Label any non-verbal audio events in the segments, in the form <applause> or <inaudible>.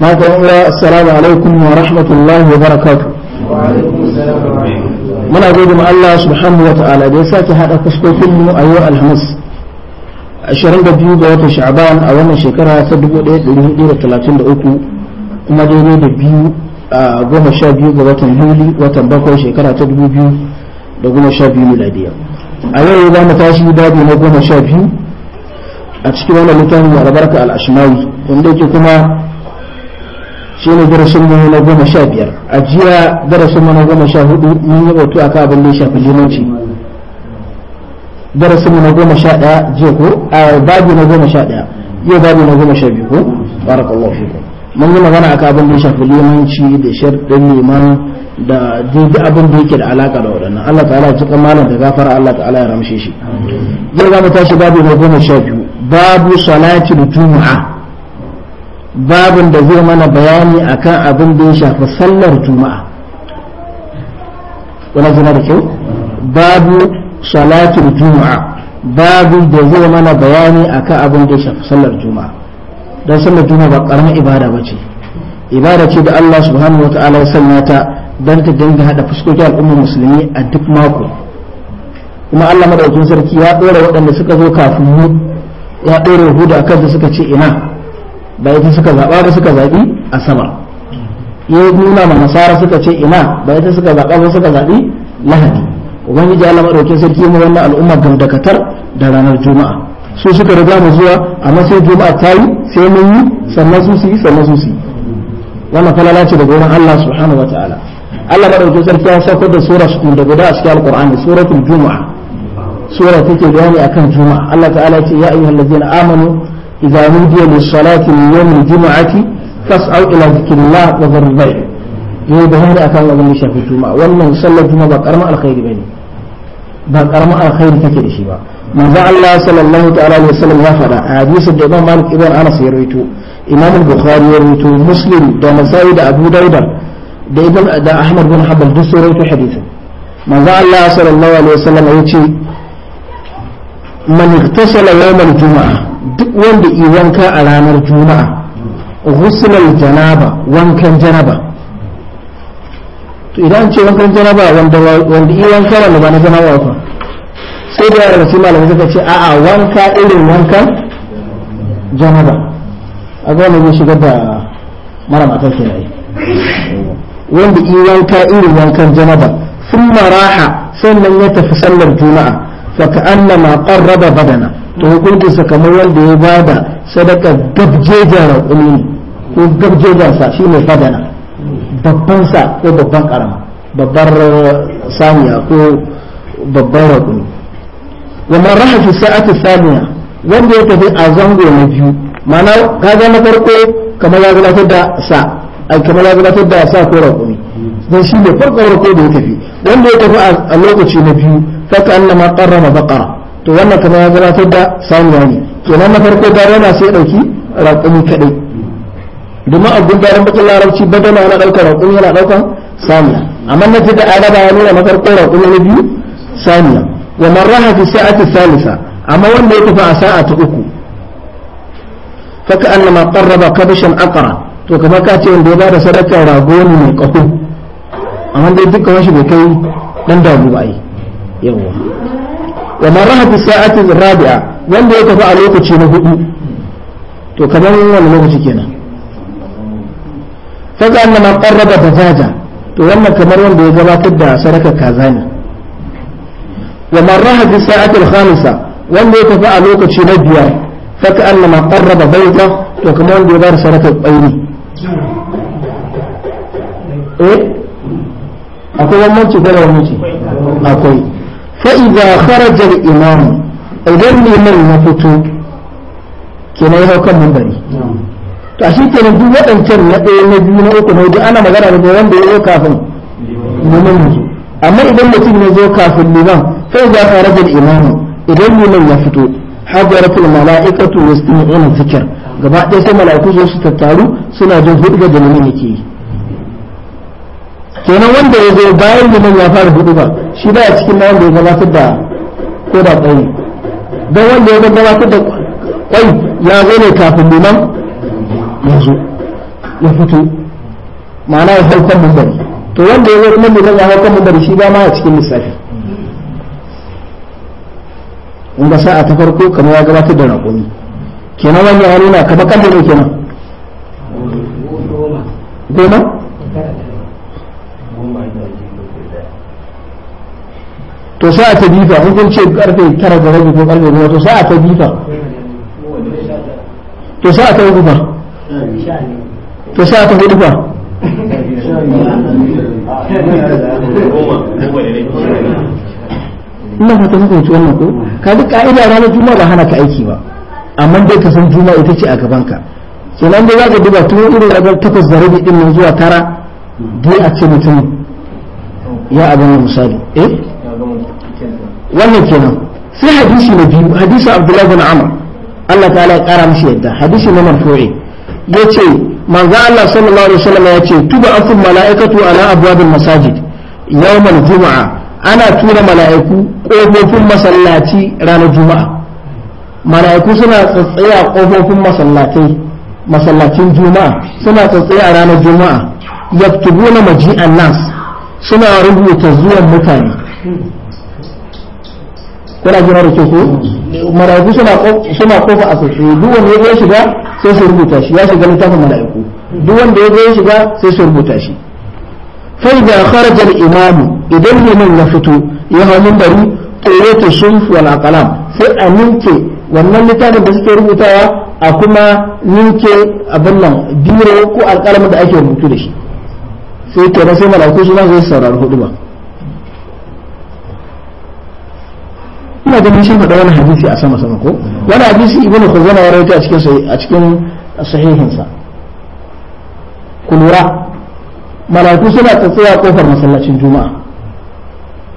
maka uwa assalamu alaikum wa rahmatullahi wa barakatuh muna gode ma Allah subhanahu wa ta'ala da ya sake hada fuskokin mu a yau alhamis 22 ga watan sha'ban a wannan shekara ta 1433 kuma daidai da biyu a goma sha ga watan yuli watan bakwai shekara ta 2000 da goma sha biyu miladiya a yau za mu tashi babi na goma a cikin wannan littafin albarka al-ashmawi wanda kuma shi ne darasin mu na goma sha biyar a jiya darasin mu na goma sha hudu mun yi bautu akan abin da ya shafi limanci darasin mu na goma sha daya jiya ko a babu na goma sha daya yau babu na goma sha biyu ko barakallahu fikum mun yi magana akan abin da ya shafi limanci da sharɗin liman da duk abin da yake da alaka da waɗannan Allah ta'ala ya cika malam da gafara Allah ta'ala ya ramshe shi yau za mu tashi babu na goma sha biyu babu salatul juma'a babin da zai mana bayani akan abin da ya shafi sallar juma'a wani zina da kyau babu salatul juma'a babu da zai mana bayani akan abin da ya shafi sallar juma'a don sallar juma'a ba karamin ibada ba ce ibada ce da Allah subhanahu wataala ya sanya ta don ta dinga hada fuskokin al'ummar musulmi a duk mako kuma Allah madaukakin sarki ya dora waɗanda suka zo kafin mu ya dora hudu akan da suka ce ina ba ita suka zaɓa ba suka zaɓi asabar ya nuna ma nasara suka ce ina ba ita suka zaɓa ba suka zaɓi lahadi ubangiji Allah madaukin sarki mu wannan al'umma gamdakatar da ranar juma'a su suka riga mu zuwa amma sai juma'a ta yi sai mun yi sannan su su yi sannan su su yi wannan falala ce daga wurin Allah subhanahu wa ta'ala Allah madaukin sarki ya saukar da sura su da guda a cikin alqur'ani suratul juma'a sura take bayani akan juma'a Allah ta'ala ce ya ayyuhallazina amanu إذا نودي للصلاة من يوم الجمعة فاسعوا إلى ذكر الله وذر البيع yau da hanyar akan wajen da shafi tuma wannan sallar ba karamar alkhairi bane ba karamar take da shi ba manzo Allah sallallahu ta'ala alaihi wasallam ya fada a hadisin da Imam Malik ibn Anas ya rawaito Imam Bukhari ya rawaito Muslim da Nasa'i da Abu Dawud da Ibn da Ahmad bin Hanbal duk sun rawaito hadisin manzo Allah sallallahu alaihi ya ce man duk wanda yi wanka a ranar juma'a ghuslul janaba wankan janaba to idan ce wankan janaba wanda wanda yi wanka wanda ba na janaba ba sai da yaran sai malamai suka ce a'a wanka irin wankan janaba a ga wannan shigar da mara matar ke yi wanda yi wanka irin wankan janaba sun maraha sannan ya tafi sallar juma'a fa ka'annama qarraba badana to hukuncinsa kamar wanda ya bada sadaka gabjejen raƙumi ne ko sa shi ne fadana babban sa ko babban karama babbar saniya ko babban raƙumi wannan raha fi sa'atu saniya wanda ya tafi a zango na biyu ma'ana kaga na farko kamar ya gabatar da sa ai kamar ya gabatar da sa ko raƙumi dan shi ne farko raƙo da ya tafi wanda ya tafi a lokaci na biyu faka annama qarrama baqara to wannan kuma ya gabatar da saniya ne kenan na farko yana sai dauki ɗauki raƙumi kaɗai domin abin daren bakin larabci badana yana ɗaukar raƙumi yana ɗaukar saniya amma na da araba ya nuna na farko raƙumi na biyu saniya wa marraha fi sa'ati salisa amma wanda ya tafi a sa'a ta uku fa ka annama qarraba kabashan aqra to kamar ka ce wanda ya bada sadaka rago ne mai ƙafu amma dai dukkan shi bai kai dan dabu ba yi yawa wa man raha fi sa'atin rabi'a wanda ya tafi a lokaci na hudu to kamar wani lokaci kenan fa ga annama qarraba dajaja to wannan kamar wanda ya gabatar da sarakar kaza ne wa man raha fi al khamisa wanda ya tafi a lokaci na biyar fa ka annama qarraba bayta to kamar wanda ya bar sarakar bayni eh akwai wannan ci da wannan ci akwai fa'iza kharajar imam idan liman ya fito kenan ya kan mambari to a shi duk waɗancan na ɗaya na biyu na uku na hudu ana magana da wanda ya zo kafin liman ya zo amma idan mutum ya zo kafin liman fa'iza kharajar imam idan liman ya fito hadaratul mala'ikatu yastami'una dhikr gaba ɗaya sai mala'iku zo su tattaru suna jin hudga da liman yake yi kenan wanda ya zo bayan nan ya fara hudu ba shi ba a cikin wanda ya gabatar da ko da kwai don wanda ya gabatar da kwai ya zo ne kafin liman ya zo ya fito ma'ana ya haukan kan mumbari to wanda ya zo kuma liman ya haukan kan mumbari shi ba ma a cikin lissafi in ga sa'a ta farko kamar ya gabatar da raƙumi kenan wanda ya nuna kamar kan da ne kenan goma to sa ta bifa hukun ce karfe tara da rabi ko karfe goma to sa ta bifa to a ta uku fa to a ta hudu fa ina fata muku wuce wannan ko ka duk ka'ida ranar juma'a ba hana ka aiki ba amma dai ka san juma'a ita ce a gaban ka nan dai za ka duba tun irin ragar takwas da rabi din nan zuwa tara duk a ce mutum ya abin misali eh wannan kenan sai hadisi na biyu hadisi abdullahi bin amr Allah ta'ala ya kara mishi yadda hadisi na marfu'i yace manzo Allah sallallahu alaihi wasallam yace tuba afun mala'ikatu ala abwabil masajid yawmal juma'a ana tura mala'iku kofofin masallaci ranar juma'a mala'iku suna tsatsaya kofofin masallatai masallacin juma'a suna tsatsaya ranar juma'a yaktubuna maji'an nas suna rubuta zuwan mutane kuna jira da ko mala'iku suna kofa a sassu duk wanda ya zo shiga sai su rubuta shi ya shiga littafin mala'iku duk wanda ya zo ya shiga sai su rubuta shi fai da kharaja al idan idan liman na fito ya hau minbari qawwata shunf wal aqlam sai a ninke wannan littafin da suke rubutawa a kuma ninke abin nan biro ko alƙalamin da ake rubutu da shi sai kenan sai malaku su zai saurari hudu ba ina da mun shafa wani hadisi a sama sama ko wani hadisi ibnu khuzana ya rawaito a cikin a cikin sahihin sa kulura malaku suna tsatsaya kofar masallacin juma'a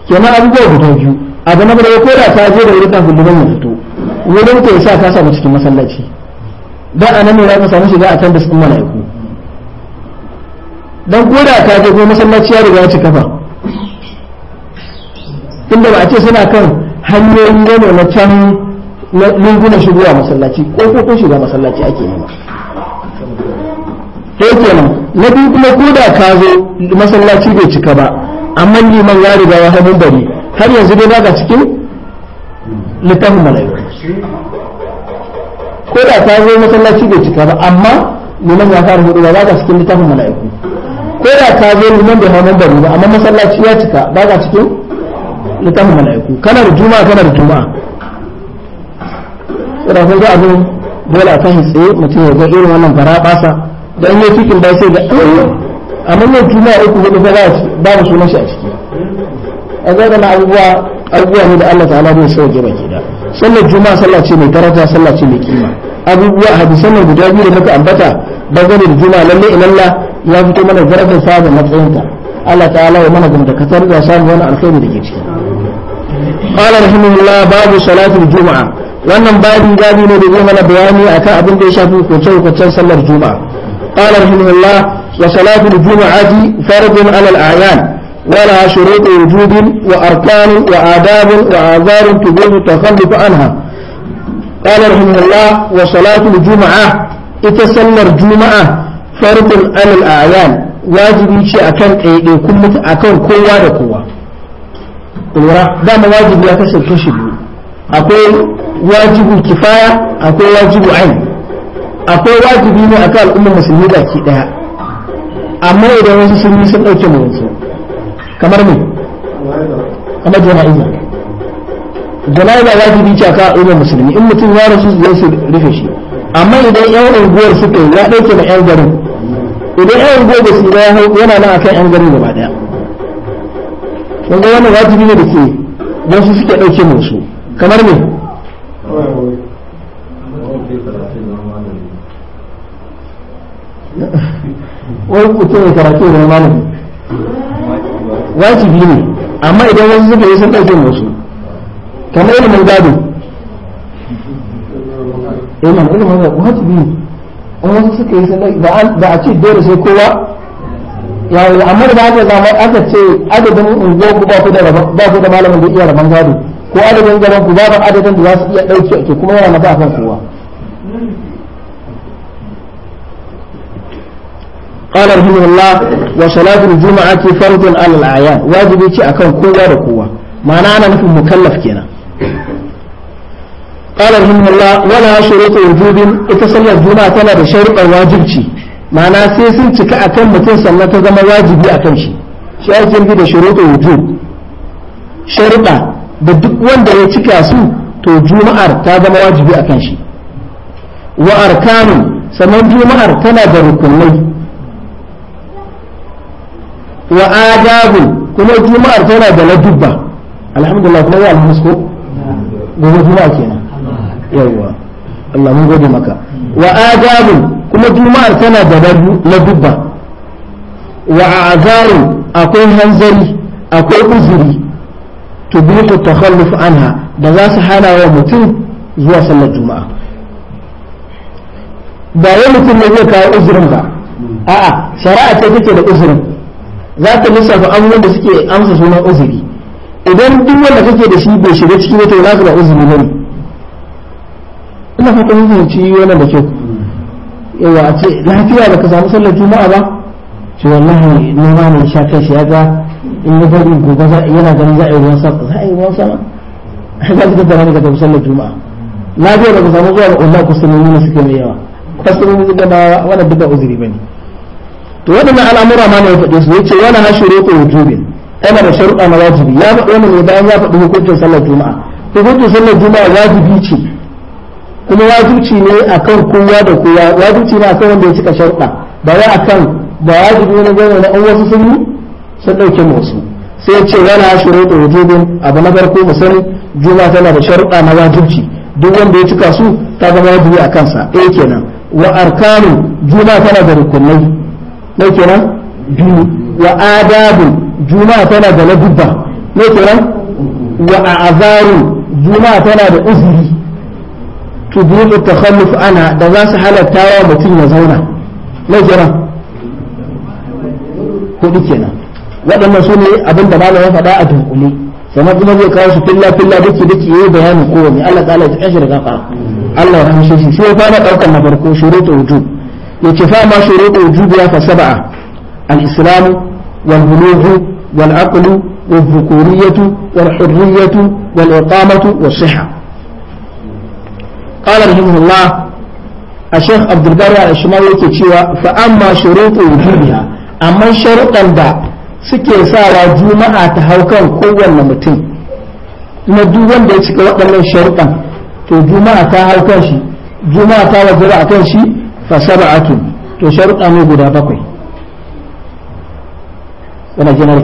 kenan abubuwa guda biyu abu na farko da ta je da wurin kafin ya fito wurin ta yasa ta samu cikin masallaci a nan ne ya samu shiga a can da sun mala'iku dan koda ta je kuma masallaci ya riga ya cika fa inda ba a ce suna kan hanyoyin gano na can lungunan shigowa masallaci ko kofofin shiga masallaci ake nema to nan na biyu kuma ko da ka zo masallaci bai cika ba amma liman ya riga ya hau bari har yanzu dai baka cikin littafin mala'iku ko da ka zo masallaci bai cika ba amma liman ya fara hudu ba baka cikin littafin mala'iku ko da ta zo liman da hannun bari ba amma masallaci ya cika ba ga cikin littafin mala'iku kana da juma'a kana da juma'a da kun ga abin dole a kan tsaye mutum ya ga irin wannan fara basa da an yi cikin ba sai da amma yau juma'a uku hudu ba ba mu sunan shi a ciki a ga da abubuwa abubuwa ne da Allah ta'ala bai sauke baki da sallar juma sallah ce mai daraja sallah ce mai kima abubuwa hadisan nan guda biyu da muka ambata dangane da juma'a lalle ilalla ya fito mana darajar sa da matsayinta Allah ta'ala wa mana gumda ka tarda samu wani alkhairi da ke ciki qala rahimahullah babu salatul juma'a wannan babin gadi ne da zai mana bayani akan abin da ya shafi hukunce-hukuncen sallar juma'a qala rahimahullah wa salatul juma'ati fardun 'ala al-a'yan ولها شروط وجود وأركان وآداب وآثار تبين التخلف عنها قال رحمه الله وصلاة الجمعة إتسلر جمعة farkon alal ayan wajibi ce akan ɗaiɗaikun mutu akan kowa da kowa lura dama wajibi ya kasance shi biyu akwai wajibu kifaya akwai wajibu ain akwai wajibi ne akan al'ummar musulmi ke ɗaya. amma idan wasu sun yi sun ɗauke mu wasu kamar me kamar jana'iza jana'iza wajibi ce akan al'ummar musulmi in mutum ya rasu zai su rufe shi amma idan yan unguwar suka yi ya ɗauke da yan garin idan yan unguwar da su ya hau yana nan akan yan garin gaba daya kun ga wannan wajibi ne da ke wasu suke ɗauke mu su kamar me wai mutum ya karatu da malami wajibi ne amma idan wasu suka yi sun ɗauke mu su kamar ilimin gado eh man ilimin mazhab wajibi ne in wasu suka yi sai ba a ce dole sai kowa yayi amma da aka zama aka ce adadin unguwar ku ba ku da ku da malamin da iya rabon gado ko adadin gaban ku babu adadin da za su iya dauke ake kuma yana mata akan kowa قال رحمه الله وصلاة الجمعة فرض على الأعيان واجب يجي أكون كوا معناه أنا مكلف كنا قال رحمه الله ولا شروط وجوب اتصل الجمعة تنا بشرط واجبتي معنى سيسن تك أكن متن صلاة زما واجبي أكن شي شي أكن دي بشروط وجوب شرطة da duk ya cika su to juma'ar ta zama wajibi a kan da rukunai wa kuma juma'ar tana da ladubba alhamdulillah ya alhamis ko yawwa Allah mun gode maka wa adabun kuma juma'ar tana da ladubba wa azaru akwai hanzari akwai uzuri ta takhalluf anha da za su hana wa mutum zuwa sallar juma'a ba wai mutum ne zai kawo uzurin ba a'a shari'a ce take da uzurin za ta lissafa abubuwan da suke amsa sunan uzuri idan duk wanda kake da shi bai shiga cikin wata za ka ba uzuri ne ina fata mun fahimci wannan da kyau yawa a ce lafiya da ka samu sallar juma'a ba ce wallahi na ba mai sha kai shi ya ga in ya fadi gobe yana ganin za a yi ruwan sama za a yi ruwan sama ai <laughs> ba ka ne ka tafi sallar juma'a lafiya ka samu zuwa ga Allah kusurumi ne suke mai yawa kusurumi suka ba wannan duka uzuri bane to waɗannan al'amura ma ne ya faɗe su ya ce yace wala hashurutu wujubin ana da sharuɗa na wajibi ya faɗi wani ne bayan ya faɗi hukuncin sallar juma'a hukuncin sallar juma'a wajibi ce kuma wajibci ne kan kowa da kowa wajibci ne a kan wanda ya cika sharɗa ba wai kan da wajibi ne ga wani an wasu sun sun ɗauke musu sai ce yana shuruɗu wujubin abu na farko mu sani juma tana da sharɗa na wajibci duk wanda ya cika su ta zama wajibi a kansa eh kenan wa arkanu juma tana da rukunai ne kenan biyu wa adabu juma tana da ladubba ne kenan wa azaru juma tana da uzuri تبوح التخلف أنا ده ذا سحالة تاوى متين يزونا لا جرى كل كنا وقد ما سوني أبن دبالة وفداء تنقلي فما قلنا في قاسة الله في الله بك بك إيه بيان قومي الله تعالى أشرق أقع الله رحمه شيشي سوى فانا قرق المبركو شروط وجوب يكفى ما شروط وجوب يا فسبعة الإسلام والبلوغ والعقل والذكورية والحرية والإقامة والصحة qala rahimahullah الشيخ عبد البر الشماوي yake cewa fa amma shurutu wujubiha amma sharuɗan da suke sawa juma'a ta hau kowanne mutum na duk wanda ya cika waɗannan sharuɗan to juma'a ta hau juma'a ta wajaba a kan shi fa to sharuɗa ne guda bakwai wani jinar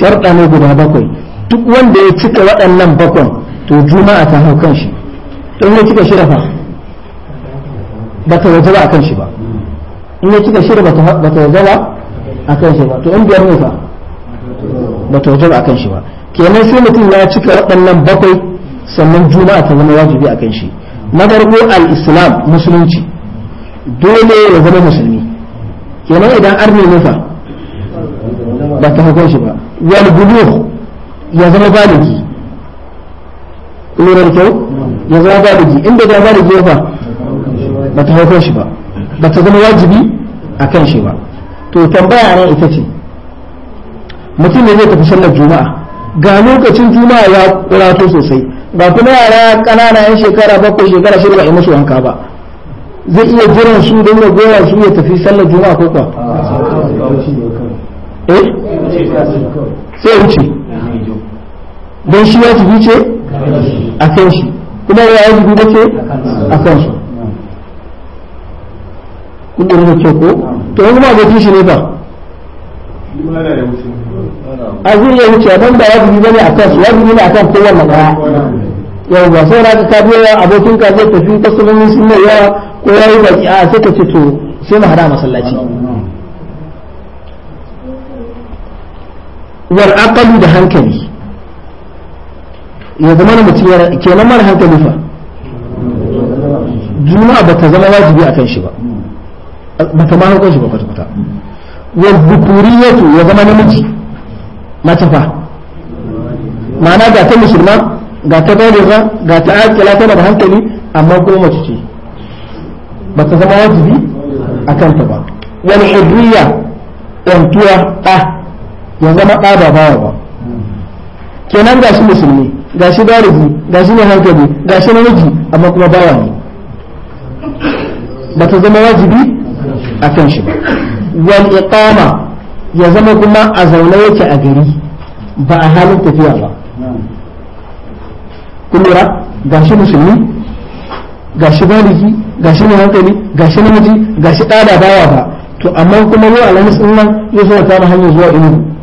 sharuɗa ne guda bakwai duk wanda ya cika waɗannan bakwai to juma'a ta hau In ya cika shida fa ba ta wajaba kan shi ba in ya cika shida ba ta wajaba kan shi ba to in biyar ne fa ba ta wajaba kan shi ba kenan sai mutum ya cika waɗannan bakwai sannan juma'a ta zama wajibi kan shi na farko al-islam musulunci dole ya zama musulmi kenan idan arni ne fa ba ta hakan shi ba wal bulugh ya zama baligi lura da kyau ya zama baligi inda da baligi ba ba ta haifar shi ba ba ta zama wajibi a kan shi ba to tambaya nan ita ce mutum ne zai tafi sallar juma'a ga lokacin juma'a ya kurato sosai ba kuma yara kanana yan shekara bakwai shekara shirya ba a musu wanka ba zai iya jiran su don ya goya su ya tafi sallar juma'a ko kuwa eh? sai wuce don shi wajibi ce a kan shi kuma ya yi ba ce a kansu kun da ce ko to yanzu ma abokin shi ne ba a zuri iya wuce don ba ya ba ne a kansu wajibi ne a kan kowanne ɗaya yau ba sai raka ta biya abokin ka zai tafi sunan sun mai yawa ko ya yi baki a sai ka ce to sai mu hada masallaci wal aqalu da hankali ya zama na mutum yana kenan mara hankali fa juma'a ba ta zama wajibi a kan shi ba ba ta ma hankali shi ba kwata-kwata wa bukuriyatu ya zama namiji mace fa ma'ana ga ta musulma ga ta bayarwa ga ta akila tana da hankali amma kuma mace ce ba ta zama wajibi a kanta ba wani hurriya yantuwa ɗa ya zama ɗa ba bawa ba kenan ga shi musulmi gashi ga shi ne hankali gashi namiji amma kuma bawa ne ba ta zama wajibi a kan shi wal iqama ya zama kuma a zaune yake a gari ba a halin tafiya ba kun lura shi musulmi gashi ga shi ne hankali gashi namiji gashi ɗada bawa ba to amma kuma yau alhamis ɗin nan ya zo ta hanyar zuwa inu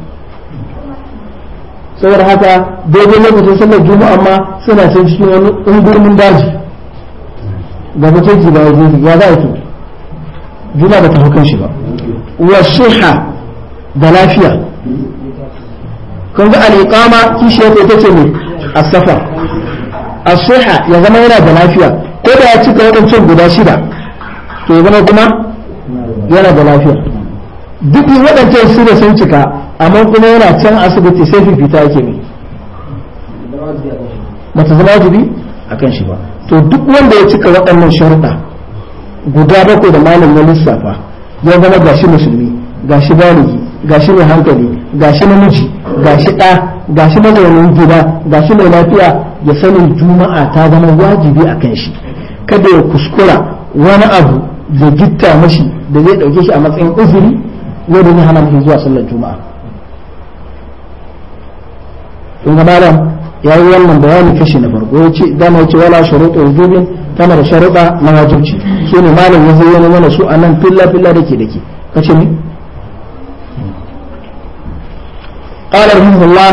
saboda haka daidai lokacin sallar juma'a amma suna can cikin wani ungurmin daji ga mutunci ba yanzu ya za a to juna ba ta hukun shi ba wa shiha da lafiya kun ga al'iqama kishiyar ko tace ne as-safar as-siha ya zama yana da lafiya ko da ya cika waɗancan guda shida to ya zama kuma yana da lafiya duk waɗancan su da sun cika amma kuma yana can asibiti sai fifita yake ne mata zama jibi a kan shi ba to duk wanda ya cika waɗannan sharuɗa guda bakwai da malam ya lissafa ya zama gashi musulmi gashi baligi gashi mai hankali gashi namiji gashi ɗa gashi mazaunin gida gashi mai lafiya ya sanin juma'a ta zama wajibi a kan shi kada ya kuskura wani abu da gitta mashi da zai ɗauke shi a matsayin uzuri wanda zai hana mutum zuwa sallar juma'a kun ga mala ya yi wannan bayani kashi na farko ya ce dama ya ce wala sharuɗa wujubi kamar sharuɗa na wajibci su ne malam ya zai mana su a nan filla filla da ke da ke kashi ne ƙalar muhimmanla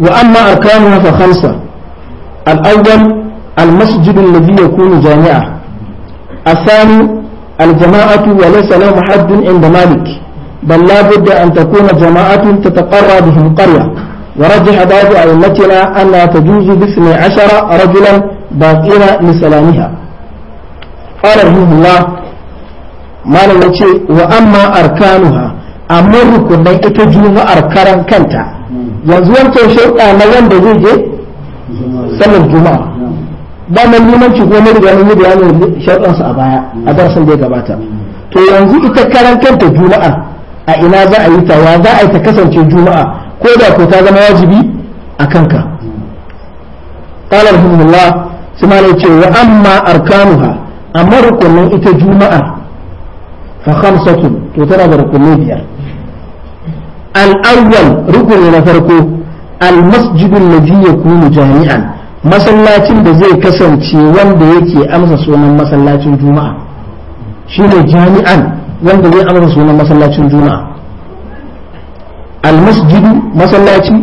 wa amma a kayan wata hansa al'adar almasjidin da biya kuni jami'a a sani aljama'atu wa laysa lahu inda malik bal la budda an takuna ta tataqarra da qarya ورجح بعض أئمتنا أنها تجوز باثني عشر رجلا باقين لسلامها قال رحمه الله ما نوتي وأما أركانها أمر كنا تجوز أركان كنتا يزور تشرط أنا يند زيجي صلى الجمعة ba mai limanci ko mai riga mai bayanin sharɗansu a baya a darasin da ya gabata to yanzu ita karan kanta juma'a a ina za a yi ta ya za a yi ta kasance juma'a ko da ko ta zama wajibi a kanka qala rahimahullah sai ma ne ce wa amma arkanuha amma rukunin ita juma'a fa khamsatun to tana da rukunin biyar al-awwal rukuni na farko al-masjidu alladhi yakunu jami'an masallacin da zai kasance wanda yake amsa sunan masallacin juma'a shine jami'an wanda zai amsa sunan masallacin juma'a المسجد مسلاتي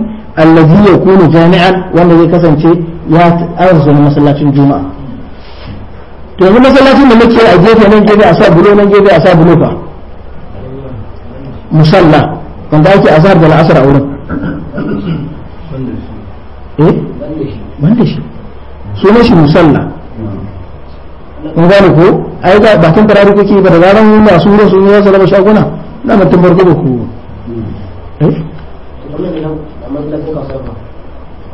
الذي يكون جامعا والذي كسنتي يا أرزو مسلاتي الجمعة to yanzu masallacin da muke a gefe nan gefe a sa bulo nan gefe a sa bulo fa musalla wanda ake azhar da la'asar a wurin eh wanda shi sunan shi musalla kun gane ko ai ga bakin tarari kake ba da zaran masu wurin sun yi wasu raba shaguna na mutum barko da ku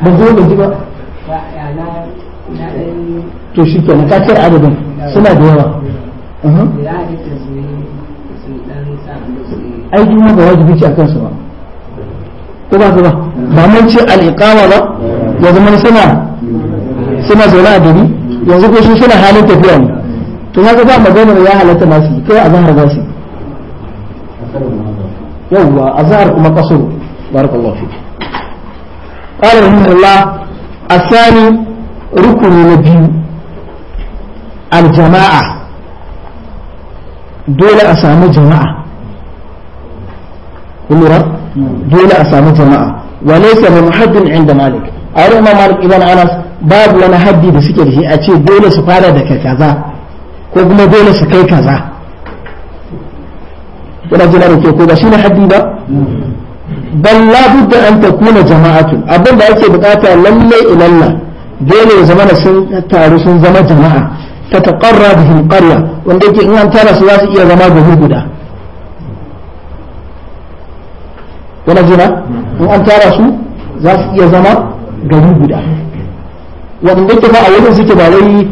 ba zo da ji ba to shi kenan ka ce adadin suna da yawa ai juma ba wajibi ce a su ba ko ba ba ba mun ce al'iqama ba ya zama suna suna zaune a gari yanzu ko su suna halin tafiya ne to haka ba maganar ya halatta masu kai a zahar za su yawwa a zahar kuma kaso barakallahu fiki قال رحمه الله الثاني ركن نبي الجماعة دولة أسامة جماعة كلها دولة أسامة جماعة وليس من حد عند مالك أو ما مالك إبن أنس باب وانا حدي da suke da shi a ce dole su fara daga kaza ko kuma dole su kai kaza yana jira da ke ko ba shi ne haddi ba bal la budda an takuna jama'atun abin da ake bukata lalle ilalla dole ya zamana sun taru sun zama jama'a ta taqarra bihim qarya wanda yake in an tara su za su iya zama gari guda wala jira in an tara su za su iya zama gari guda wanda yake fa a wajen suke ba wai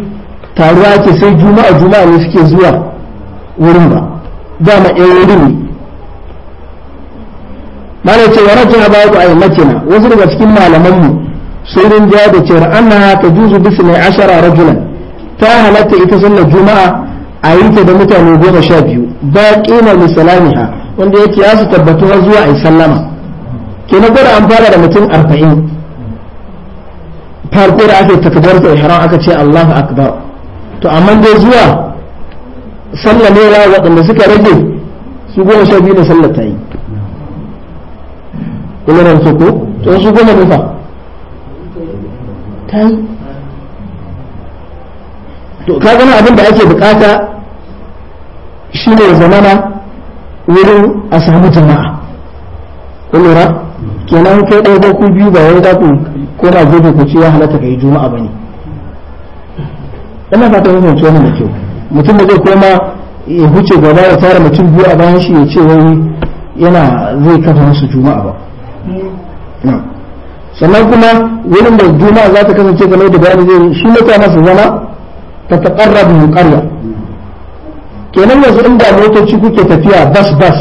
taruwa ke sai juma'a juma'a ne suke zuwa wurin ba dama ɗaya wurin ne malai ce wani tana ba ku aimatina wasu daga cikin malamanmu sun rinja da cewar anna ta juzu bisu mai ashara rajulan ta halatta ita sallar juma'a a yi ta da mutane goma sha biyu ba kima ha wanda yake ya su tabbatuwa zuwa a yi sallama ke na gwada an fara da mutum arba'in farko da ake takbar da ihram aka ce Allahu akbar to amma dai zuwa sallamewa waɗanda suka rage su goma sha biyu da sallar ta yi kuma da ko to su goma ne fa kai to ka gani abin da ake bukata shine zamana wurin a samu jama'a ku kenan kai ɗaya ko ku biyu ba wai za ku koma gefe ku ce ya halatta yi juma'a ba ne, ina fata mun fahimci wannan da kyau mutum da zai koma ya huce gaba ya tara mutum biyu a bayan shi ya ce wai yana zai kafa musu juma'a ba sannan kuma wurin da juna za ta kasance ga da bayani zai shi ne ta zama ta taƙarra mu ƙarya kenan yanzu inda motoci kuke tafiya bas bas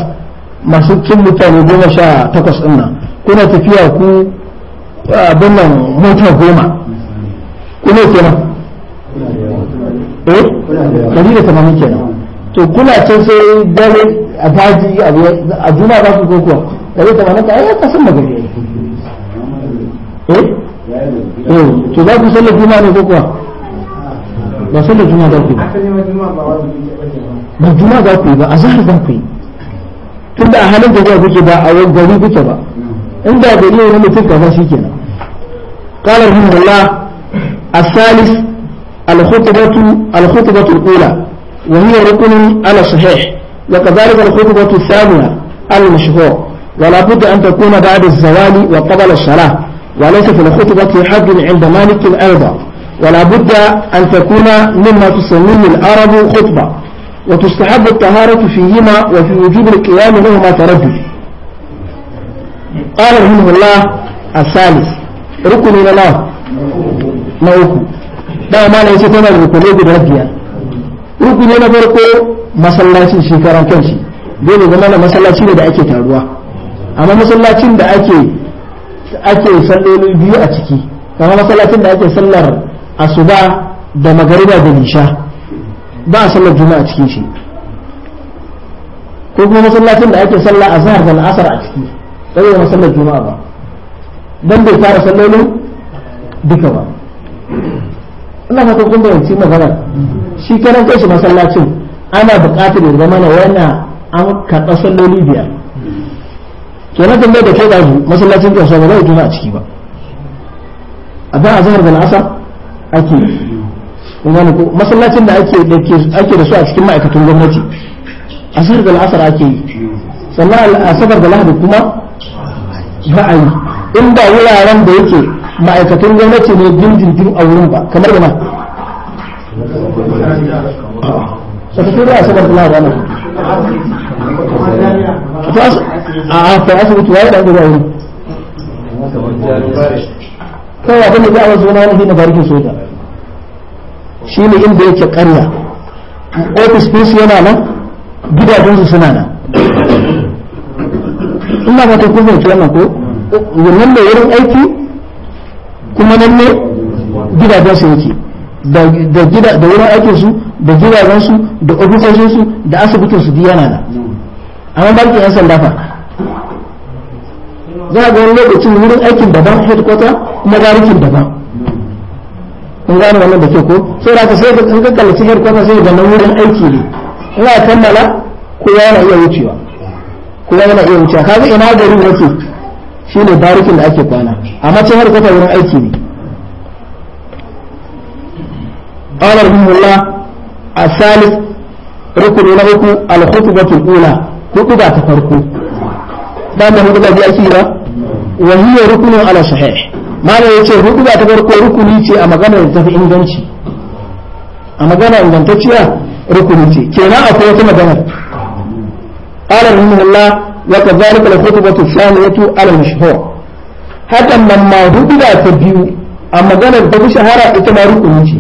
masu cin mutane goma sha takwas ɗin nan kuna tafiya ku ah, abin nan mota goma kuna kenan eh ɗari da tamamin kenan to kuna can sai dare a daji a juna za ku zo kuwa لو انت عملت ايه تسمى بالايه ايه ايه, إيه، تبقى مصلي الجمعه ده بكره مصلي الجمعه ده كده ما الجمعه ده كده ازهر ده كده tunda a halin gari kuke ba a wani gari kuke تبقى inda gari wani mutum kaza shi kenan قال رحمه الله الثالث الخطبة الخطبة الأولى وهي ركن على الصحيح وكذلك الخطبة الثانية المشهور ولا بد أن تكون بعد الزوال وقبل الصلاة وليس في الخطبة حد عند مالك أيضا ولا بد أن تكون مما تسميه العرب خطبة وتستحب الطهارة فيهما وفي وجوب القيام لهما تردد قال رحمه الله الثالث ركن إلى الله ما dama ne ce tana da rukunai guda biyar rukuni na farko masallacin shekaran بيني dole ما صلى masallaci ne da ake taruwa amma masallacin da ake ake salloli biyu a ciki kuma masallacin da ake sallar asuba da magariba da nisha ba a sallar juma'a cikin shi ko kuma masallacin da ake sallar azhar da la'asar a ciki zai da masallar juma'a ba Dan bai fara sallolin duka ba ina fata kun bayanci magana. shi karan kai shi masallacin ana buƙatar ya zama na wani an karɓa salloli biyar kenan tambayar da kai dazu masallacin kasuwa ba za a juna a ciki ba a da azhar da asar ake gane ko masallacin da ake da su a cikin ma'aikatan gwamnati azhar da asar ake yi sannan asabar da lahadi kuma ba a yi in ba wuraren da yake ma'aikatan gwamnati ne dindindin a wurin ba kamar da ma ba ta tura asabar da lahadi ana a'a to asibiti waye da gobe wuri kawai abin da za a zo na wani na barikin soja shi ne inda yake karya ofis ɗinsu yana nan gidajensu suna nan ina ba ta kusanci wannan ko wannan mai wurin aiki kuma nan ne gidajensu yake da wurin aikinsu da gidajensu da ofisoshinsu da asibitinsu duk yana nan amma barkin 'yan sanda fa za ga wani lokacin wurin aikin daban headquarter magarikin daban in gane wannan da ke ko sai da ka sai ka in ka kallaci headquarter sai ga nan wurin aiki ne ina kammala ko yana iya wucewa ko yana iya wucewa kaga ina garin yake shine barikin da ake kwana amma cin harkata wurin aiki ne قال رحمه الله الثالث ركن له الخطبة الأولى خطبة farko. ba da hudu ba biya shi ba wa hiya rukunun ala sahih malam yace hutuba ta farko rukuni ce a magana da tafi inganci a magana ingantacciya rukuni ce kenan akwai wata magana qala rahimahullah wa kadhalika al-khutbatu thaniyatu ala mashhur hakan nan ma hutuba ta biyu a magana da tafi shahara ita ma rukuni ce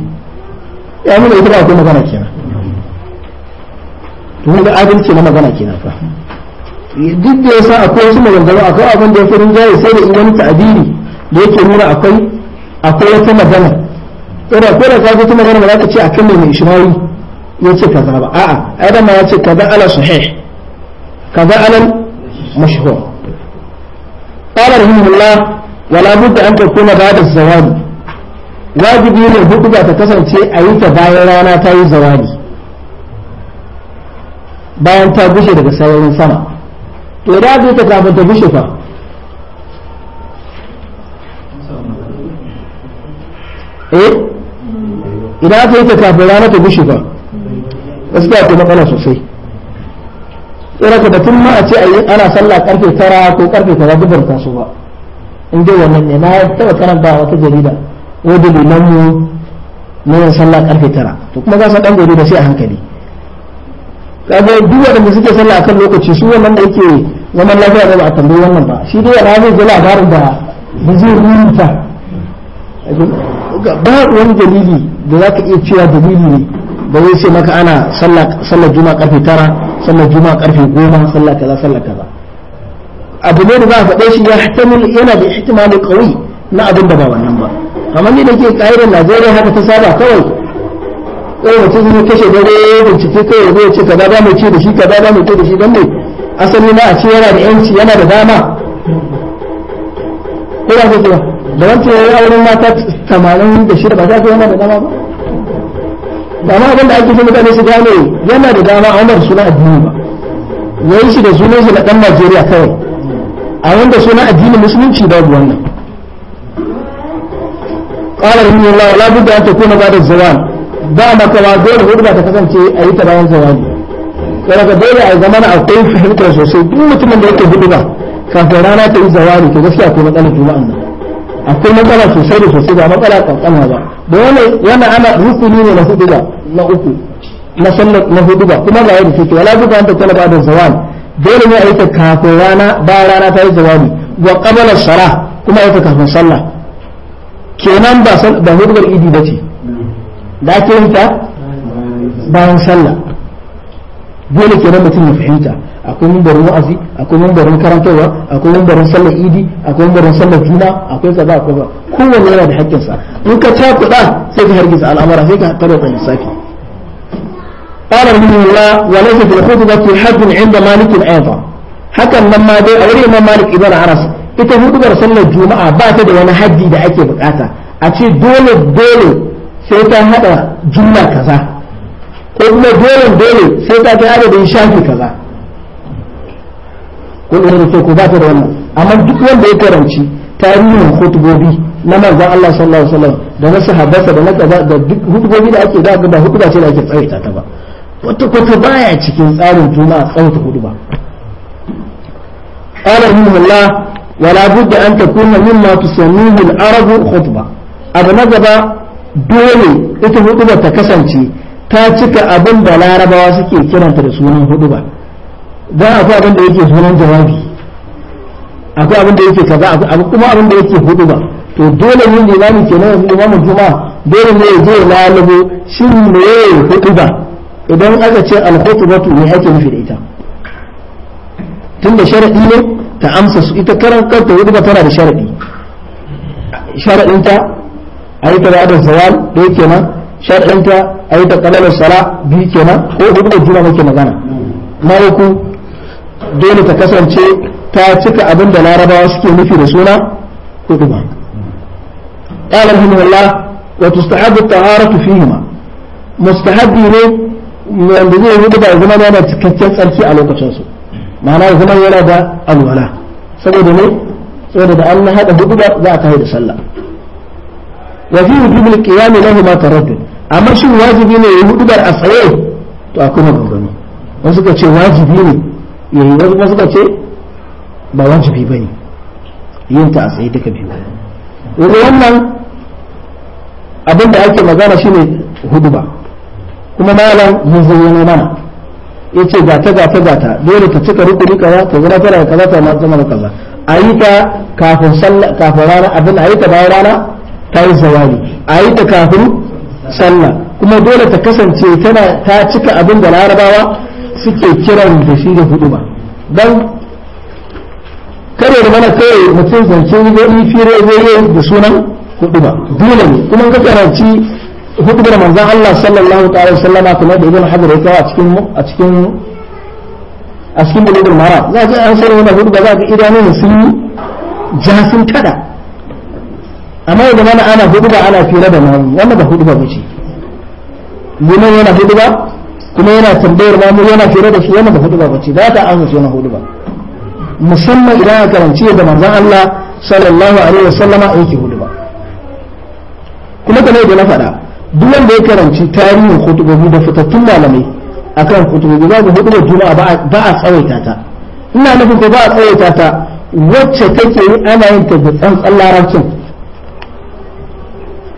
ya nuna ita ba magana kenan to ne da adalci na magana kenan fa duk da yasa akwai wasu maganganu akwai abin da ya fi rinjaye sai da wani ta'abiri da yake nuna akwai akwai wata magana ira ko da kaga ta magana ba za ka ce akan mai ishmawi yace kaza ba a'a adam ya ce kaza ala sahih kaza ala mashhur qala rahimullah wala budda an takuna ba'da zawali wajibi ne hudu ta kasance a yi ta bayan rana ta yi zawali bayan ta gushe daga sararin sama to da aka yi ta kafin ta bushe fa eh idan aka yi ta kafin rana ta bushe fa gaskiya ta matsala sosai tsiraka da tun ma a ce ana sallah karfe tara ko karfe kaza dubar taso ba in dai wannan ne na taba karanta wata jarida wadda mu na yin sallah karfe tara to kuma za su dan gobe da sai a hankali kaga duk wanda suke sallah akan lokaci su wannan da yake wannan lafiya da ba a tambayi wannan ba shi dai yana zai ji labarin da ba zai rubuta ba wani dalili da za ka iya cewa dalili ne da zai sai maka ana sallar juma karfe tara sallar juma karfe goma sallar kaza sallar kaza abu ne da za a faɗe shi yana da ihtimalin ƙauyi na abin da ba wannan ba kamar ni da ke ƙa'idar najeriya haka ta saba kawai kawai mutum zai kashe dare bincike kawai zai ce kaza ba mai ce da shi kaza ba mai ce da shi don ne asali ma a ce yana da yanci yana da dama ko ba ko ba da wanda ya yi auren mata 86 da shida ba ta yana da dama ba ba ma abin da ake so mutane su gane yana da dama a wannan suna addini ba ya yi shi da sunan shi na dan Najeriya kawai a wanda suna addini musulunci babu wannan قال رحمه الله لا بد ان تكون بعد الزوال ba ما dole دور ba ta kasance a yi ta bayan yana ga dole a zama na akwai fahimtar sosai duk mutumin da yake hudu ba kafin rana ta yi zawari to gaskiya akwai matsalar juma'an nan akwai matsala sosai da sosai ba matsala kankana ba da yana ana rukuni ne na hudu ba na uku na sallar na hudu ba kuma ba yadda take wala buka anta talaba da zawal dole ne a yi ta kafin rana bayan rana ta yi zawali wa qabala salah kuma a yi ta kafin sallah kenan ba ba hudubar idi bace da ke yin ta bayan sallah dole kenan mutum ya fahimta akwai mumbarin wa'azi akwai mumbarin karantarwa akwai mumbarin sallar idi akwai mumbarin sallar juna akwai kaza akwai ba kowanne yana da hakkin in ka cakuɗa sai ka hargitsa al'amara sai ka tarwata lissafi قال رحمه الله وليس في الخطبة حد عند مالك أيضا حتى لما دي أولي إمام مالك إبن عرس ita hudubar sallar juma'a ba ta da wani hajji da ake bukata a ce dole dole sai ta hada jumla kaza ko kuma dole dole sai ta kai adadin shafi kaza ko irin ko ba ta da wannan amma duk wanda ya karanci tarihin hutubobi na manzon Allah sallallahu alaihi wasallam da na sahabbansa da na kaza da duk hutubobi da ake da ba hutuba ce da ake tsawaita ta ba wata kwata baya cikin tsarin tuma a tsawaita hutuba قال رحمه الله ولا بد أن تكون مما تسميه العرب خطبة na gaba dole ita hudu ta kasance ta cika abin da larabawa suke kiranta da sunan hudu ba za a akwai abin da yake sunan jawabi akwai abin da yake kaza kuma abin da yake hudu ba to dole ne limami ke nan imamin juma'a dole ne ya je lalubo shin me hudu ba idan aka ce al-khutbatu me ake nufi da ita tunda sharadi ne ta amsa su ita karan kanta hudu ba tana da sharadi sharadin ta ayi ta da zawal da yake nan sharhinta a yi takalalar sala biyu kenan ko hudu da juna muke magana na uku dole ta kasance ta cika abin da larabawa suke nufi da suna hudu ba قال رحمه الله وتستحب الطهارة فيهما مستحب ne wanda zai yi da zama yana cikakken tsarki a lokacin su ma'ana zama yana da alwala saboda ne saboda da an hada hudu za a tahi da sallah wa fi wujubil qiyam lahu ma taraddud amma shin wajibi ne ya yi hudu a tsaye to akwai maganganu wasu ka ce wajibi ne ya yi wasu ka ce ba wajibi ba ne yin ta a tsaye duka biyu yanzu wannan abin da ake magana shine ba kuma malam mun zayyana mana ya ce gata gata gata dole ta cika rukuni kaza ta zama tara kaza ta zama da kaza a yi ta kafin sallah kafin rana abin a yi ta bayan rana ta yi zawali a yi ta kafin sallah kuma dole ta kasance tana ta cika abin da larabawa suke kiran da shi da hudu ba don kare da mana kai mutum zance zai fi zai da sunan hudu ba dole ne kuma ka karanci hudu da manzan Allah sallallahu ta'ala wasallama kuma da ibn hajar ya kawo a cikin a cikin a cikin bulugul mara za ka an sanar wannan hudu ba za ka idanun sun ja sun kada amma ya zama ana huduba ana fira da mamu wannan ba huduba ba ce liman yana huduba kuma yana tambayar mamu yana fira da shi wannan ba huduba ba ce ba ta an yana huduba musamman idan aka karanci da manzon Allah sallallahu alaihi wasallama yake huduba kuma kamar yadda na faɗa duk wanda ya karanci tarihin hudubobi da fitattun malamai akan hudubobi babu hudubar juma'a ba a tsawaita ta ina nufin ko ba a tsawaita ta wacce take ana yin ta da tsantsan larabcin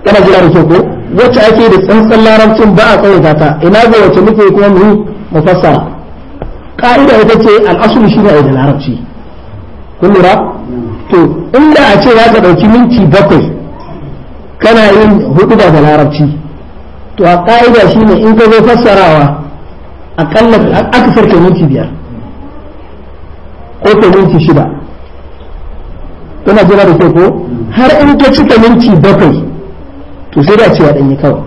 kana jira da ko wacce ake da tsantsan larabcin ba a tsawaita ta ina ga wacce muke kuma mu mufassara ka'ida ita ce al'asulu shi ne da larabci kun lura to inda a ce za ka ɗauki minti bakwai kana yin hudu da larabci to a ka'ida shi ne in ka zo fassarawa akalla aka farke minti biyar ko ka minti shida kuna jira da ko har in ka cika minti bakwai to sai da cewa yi kawai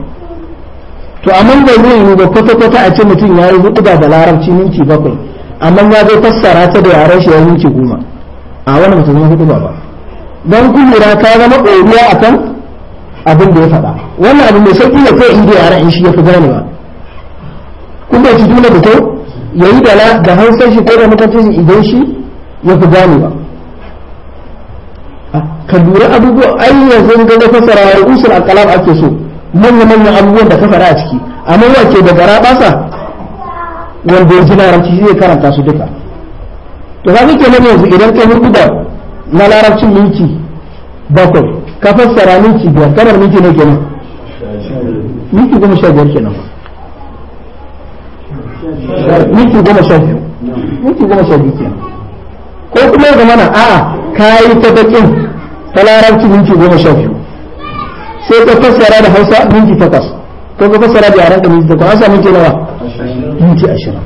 to amma ba zai yi ba kwata-kwata a ce mutum ya yi hudu da larabci minti bakwai amma ya zai fassara ta da yaren shi ya minti goma a wani mutum ya hudu ba ba don kujera ta zama koriya a kan abin da ya faɗa wannan abin mai sauƙi da kai inda yaran in shi ya fi gane ba kun da shi juna da kyau ya yi da hausa shi ko da mutuncin idan shi ya fi gane ba. ka lura abubuwa ai sun ga da wa rusul al-kalam ake so manyan manyan abubuwan da fasara a ciki amma wace da gara basa wanda ya ji larabci zai karanta su duka to za ke nan yanzu idan kai hukuda na larabcin minti bakwai ka fassara minti biyar kamar minti ne kenan minti goma sha biyar kenan minti goma sha biyu minti goma sha biyu kenan ko kuma ga mana a'a kayi ta bakin ta larabci minti goma sha biyu sai ka fassara da hausa minti takwas ko ka fassara da yaran ka minti takwas an samu ke nawa minti ashirin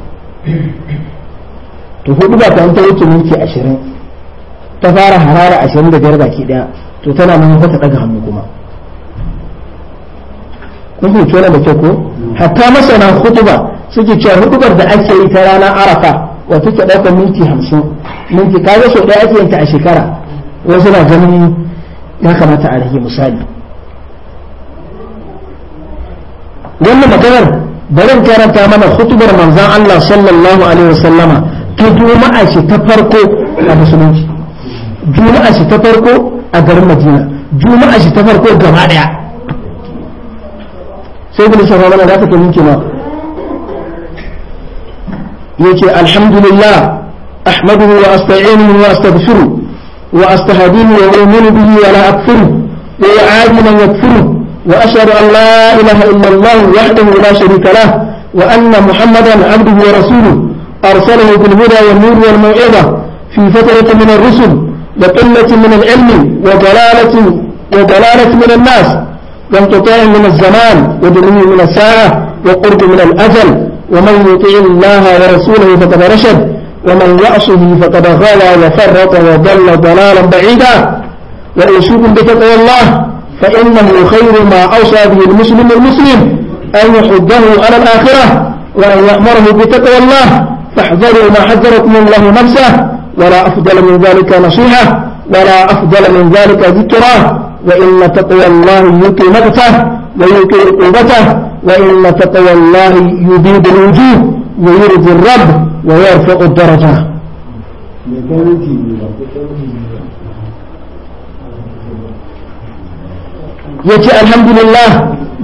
to hudu ba ta an ta wuce minti ashirin ta fara harara ashirin da biyar baki daya to tana nan ta daga hannu kuma kun fahimci wannan da kyau ko hatta masana hutuba suke cewa hutubar da ake yi ta ranar arafa wato ta ɗaukar minti hamsin minti kaga sau ɗaya ake yin ta a shekara wasu na ganin ya kamata a rage misali wannan maganar barin karanta mana hutubar manzan Allah sallallahu alaihi wasallama ta juma'a ce ta farko a musulunci juma'a ce ta farko a garin madina juma'a ce ta farko gaba daya sai bin shafa mana za ta kai minki ma yace alhamdulillah ahmaduhu wa asta'inuhu wa astaghfiruh وأستهديه وأؤمن به ولا أكفره وأعادي من يكفره وأشهد أن لا إله إلا الله وحده لا شريك له وأن محمدا عبده ورسوله أرسله بالهدى والنور والموعظة في فترة من الرسل لقلة من العلم وجلالة وجلالة من الناس وانقطاع من الزمان ودنو من الساعة وقرب من الأجل ومن يطيع الله ورسوله فقد رشد ومن يعصه فقد غلا وفرط وضل ضلالا بعيدا وأوصيكم بتقوى الله فإنه خير ما أوصى به المسلم المسلم أن يحده على الآخرة وأن يأمره بتقوى الله فاحذروا ما حذركم الله نفسه ولا أفضل من ذلك نصيحة ولا أفضل من ذلك ذكرى وإن تقوى الله يلقي مقته ويلقي عقوبته وإن تقوى الله يبيد الوجوه ويرضي الرب ويرفق الدرجة yace الحمد لله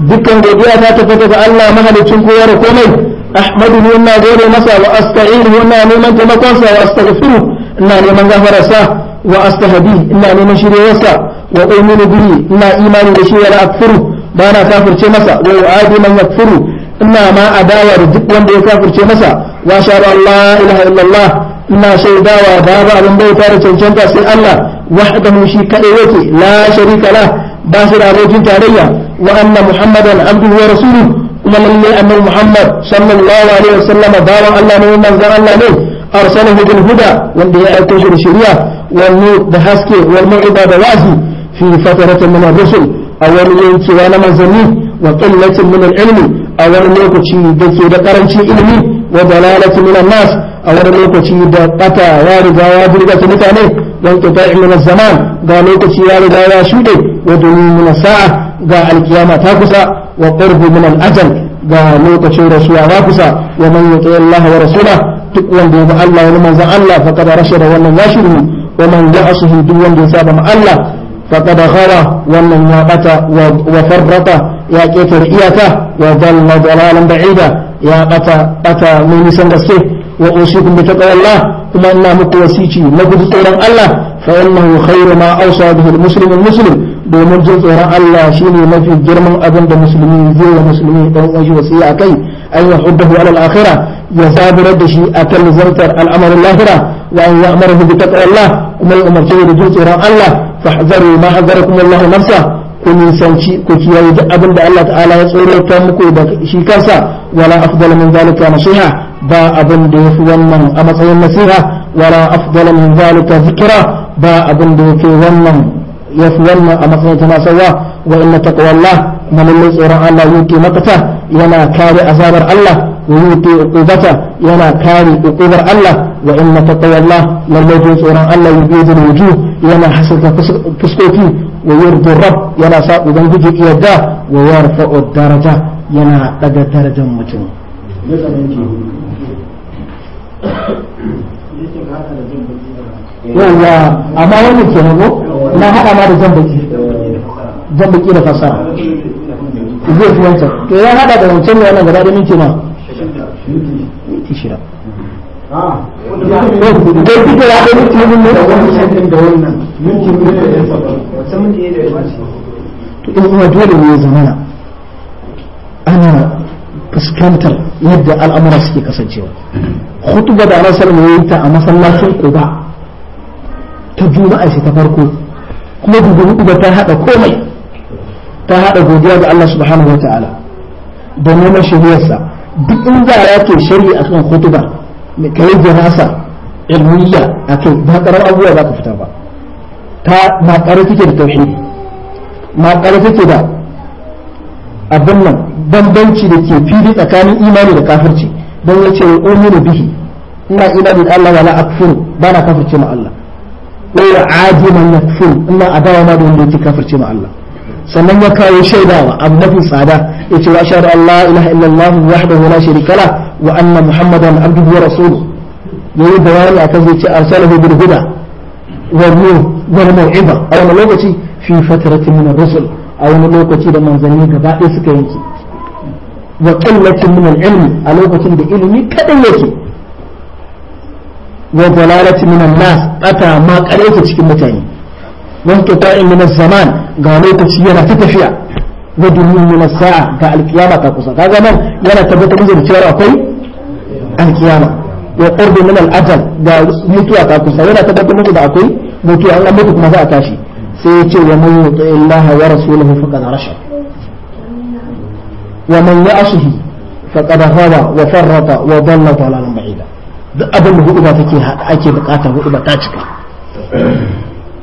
dukkan godiya ta tafi ga Allah mahalicin kowa da komai Ahmadu ne ina gode masa wa astaghfiru ina neman taimakon sa wa astaghfiru ina neman gafararsa sa wa astahdi ina neman shiryewar sa wa umminu bihi ina imani da shi wa astaghfiru bana kafirce masa wa adi man yaghfiru ina ma adawa da duk wanda ya kafirce masa wa shahadu Allah ilaha illallah ina shaidawa babu abin bauta da cancanta sai Allah wahdahu shi kadai yake la sharika lah ba shi da abokin tarayya wa anna muhammadan abduhu wa rasuluhu kuma lalle annabi muhammad sallallahu alaihi wasallam bawan Allah ne manzon Allah ne arsalahu bil huda wanda ya aika shi da shari'a wal nur da haske wa mau'iza da wazi fi fatratin min ar-rusul wani yanki wa na manzanni wa qillatin min al-ilmi a wani lokaci da ke da karancin ilimi wa dalalati minan nas a wani lokaci da ɓata ya riga ya ta mutane don qita'i min zaman ga lokaci ya riga ya shuɗe wa dunin min sa'a ga alkiyama ta kusa wa qurbu minan ajal ga lokacin rasuwa ya kusa wa man yuti Allah wa rasula duk wanda ya bi Allah wa manzon Allah faqad rashada wannan ya shiru wa man ya'suhu duk wanda ya saba ma Allah da hawa wannan ya ɓata wa farrata ya ƙetare iyaka wa dalla dalalan ba'ida ya bata bata mai nisan gaske wa usikum bi Allah kuma ina muku wasici na gudu tsoron Allah fa innahu khairu ma awsa bihi al-muslimu muslim domin jin tsoron Allah shine mafi girman abin da musulmi zai wa musulmi dan uwan a wasiya akai an yahuddahu ala al-akhirah ya sabirar da shi akan zartar al'amarin lahira wa an ya'muru bi Allah kuma ya umarce da jin tsoron Allah fahzaru ma hazarakum Allah nafsa ku nisanci ku kiyaye duk abin da Allah ta'ala ya tsorata muku da shi kansa wala afdal min zalika nasiha ba abin da yafi wannan a matsayin nasiha wala afdal min zalika zikra ba abin da yafi wannan yafi wannan a matsayin tunasawa wa inna taqwallah man lillahi tsoron Allah yake makata yana kare azabar Allah wa yuti uqubata yana kare uqubar Allah wa inna lallai lallahi tsoron Allah yubi da wuju yana hasaka fuskoki wa yurdu rabb yana sa ubangiji da wa yarfa'u daraja yana ɗaga darajar mutum yawwa amma wani ke hago na haɗa ma da jan da fasara zai fi wancan to ya hada da wancan ne wannan gaba da minti ma minti shida da ya minti da da to in kuma dole ne ya zamana ana fuskantar yadda al'amura suke kasancewa hutuba da ana ta a masallacin Quba ta juma'a ta farko kuma dubu ta hada komai ta haɗa godiya ga Allah subhanahu wa ta'ala da neman shiriyarsa duk in za a ke shari'a a kan hutuba ka yi janasa ilmiya a kai ba ƙarar abubuwa za ka fita ba ta maƙarar take da tauhidi maƙarar take da abin nan bambanci da ke fili tsakanin imani da kafirci don ya ce uminu bihi ina imani da Allah wala akfuru ba na kafirce ma Allah ko ya aji man yakfuru ina adawa ma da wanda yake kafirce ma Allah sannan ya kawo shaidawa abu mafi tsada ce wa ashhadu an la ilaha illallah wahdahu la sharika la wa anna muhammadan abduhu wa rasuluhu yayi bayani akan zai ce arsalahu bil huda wa nur wal mau'iba a wani lokaci fi fatratin min ar-rusul a wani lokaci da manzanni gaba ɗaya suka yanke wa qillatin min al-ilmi a lokacin da ilimi kadan yake wa dalalatin min an-nas ata ma kare cikin mutane وانقطاع من الزمان قالوا كتشيرا تتفيع ودنيا من الساعة كالكيامة القيامة هذا كذا من يلا تبقى مزر تشيرا كي الكيامة وقرب من الأجل قال متوا كاكوسا يلا تبقى مزر أكوي متوا أن متوا كما ذا أتاشي سيتي ومن يطع الله ورسوله فقد رشد ومن يعصه فقد غوى وفرط وضل ضلالا بعيدا duk abin da hudu ba take ake bukata hudu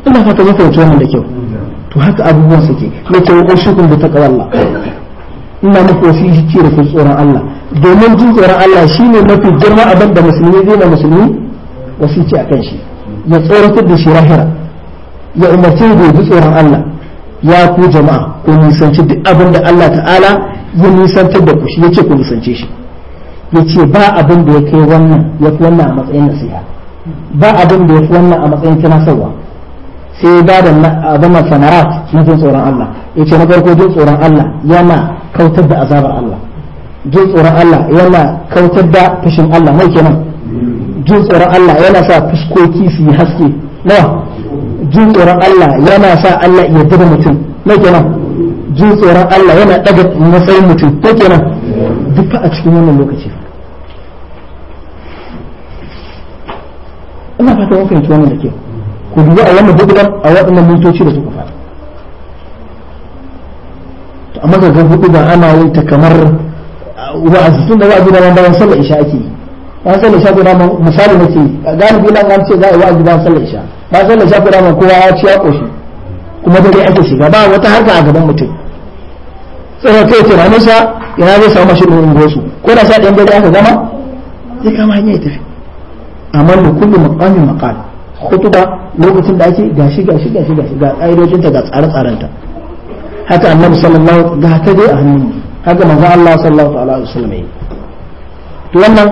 ina fata mun fahimci wannan da kyau to haka abubuwan suke na ce wa shukun da ta kawalla ina muku wasiki da tsoron Allah domin jin tsoron Allah shine mafi girma abin da musulmi zai na musulmi a kan shi ya tsoratar da shi rahira ya umarce da ji tsoron Allah ya ku jama'a ku nisanci duk abin da Allah ta'ala ya nisantar da ku shi ya yace ku nisance shi ya ce ba abin da ya kai wannan ya fi wannan a matsayin nasiha ba abin da ya fi wannan a matsayin tunasarwa sai ba da abama sanarat na jin tsoron Allah ya ce na farko jin tsoron Allah yana kautar da azabar Allah jin tsoron Allah yana kautar da fushin Allah mai kenan jin tsoron Allah yana sa fuskoki su yi haske nawa jin tsoron Allah yana sa Allah ya duba mutum mai kenan jin tsoron Allah yana daga matsayin mutum mai kenan duka a cikin wannan lokaci ina fata mun fahimci wannan da kyau ku dubi a wannan dan a waɗannan mintoci da suka fara amma ga hudubar ana yin ta kamar uh, wa'azi tun da wa'azi da ban sallar isha ake yi bayan sallar isha ko da misali nake galibi na an ce za a yi wa'azi da sallar isha ba sallar isha ko da kowa ya ci ya koshi kuma dai ake shiga ba wata harka a gaban mutum tsara kai tunanin sa yana zai samu mashi ɗin gosu ko da sa ɗayan dare aka gama sai kama hanyar tafi amma da kullum maqami maqal khutuba lokacin da ake gashi gashi gashi gashi ga ƙa'idojin ta ga tsare-tsaren ta haka annabi sallallahu ga ta dai a hannun haka manzo Allah sallallahu alaihi wasallam yi to wannan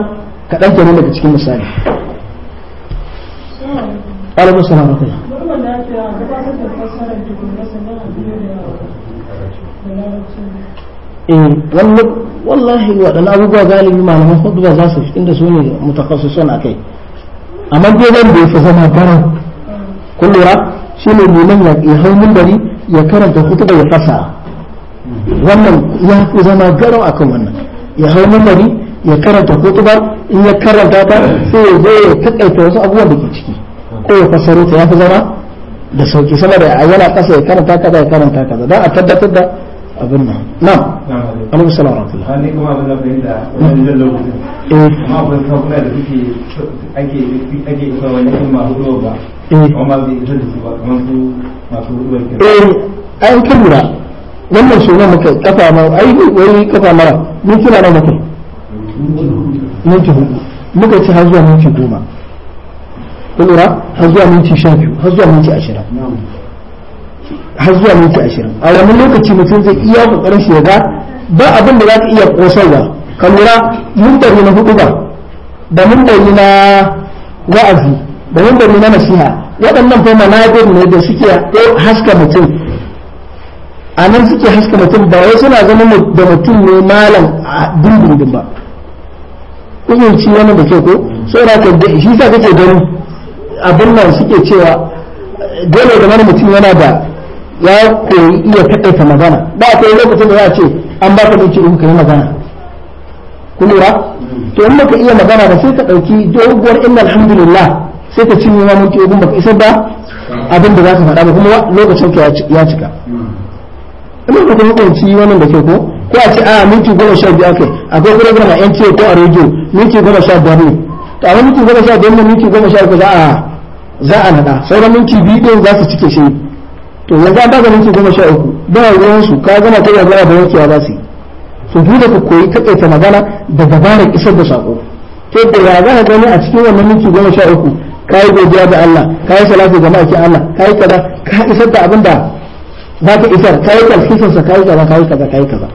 kaɗan ne daga cikin misali alaikum salam wa rahmatullah eh, wallahi wadannan abubuwa galibi malaman hudu ba za su da su ne mutakhasisun akai amma dai nan da yafi zama baran kun lura shi ne liman ya hau mimbari ya karanta hutuba ya fasa wannan ya fi zama garau akan wannan ya hau mimbari ya karanta hutuba in ya karanta ta sai ya zo ya takaita wasu abubuwan da ke ciki ko ya fasaro ta ya fi zama da sauki sama da yana kasa ya karanta kaza ya karanta kaza don a tabbatar da abin nan nan alaikum salam wa rahmatullah kuma abin da fahimta lokacin eh. akwai da kuke ake ake wani masu ba eh. ba su masu kira eh wannan sunan muka kafa ma ai wani kafa mara mun kira muka ci har zuwa minti goma kun lura har zuwa minti sha biyu har zuwa har zuwa minti ashirin a wannan lokaci mutum zai iya kokarin shi ga ba abin da za ka iya kosarwa ka lura mundari na hudu ba da mundari na wa'azi da mundari na nasiha waɗannan fa manajir ne da suke haska mutum a nan suke haska mutum ba wai suna zama da mutum ne malam a dindindin ba kun ci wani da ke ko saboda ka shi sa kake gani abin nan suke cewa dole da mutum yana da ya koyi iya taƙaita magana ba kai lokacin da za a ce an ba ka minti uku ka yi magana ku lura to in baka iya magana da sai ka ɗauki doguwar inna alhamdulillah sai ka cinye wani minti ogun baka isar da abin da za ka faɗa ba kuma lokacin ka ya cika ina ka yi ɗauki wannan da ke ko ko a ce a ah, minti goma sha biyu akai akwai program a yanci ko a rediyo minti goma sha biyar ne to a minti goma sha biyar ne minti goma sha uku za a za a naɗa sauran minti biyu ɗin za su cike shi to yanzu an baka minti goma sha uku ba ruwan su ka gama ta magana da yankewa za su yi to da ku koyi takaita magana da dabarar isar da sako to da ya za ka gani a cikin wannan minti goma sha uku ka yi godiya da Allah ka yi salatu ga ma'aikin Allah ka yi kaza ka isar da abin da za ka isar ka yi kalfisan sa ka yi kaza ka yi kaza ka yi kaza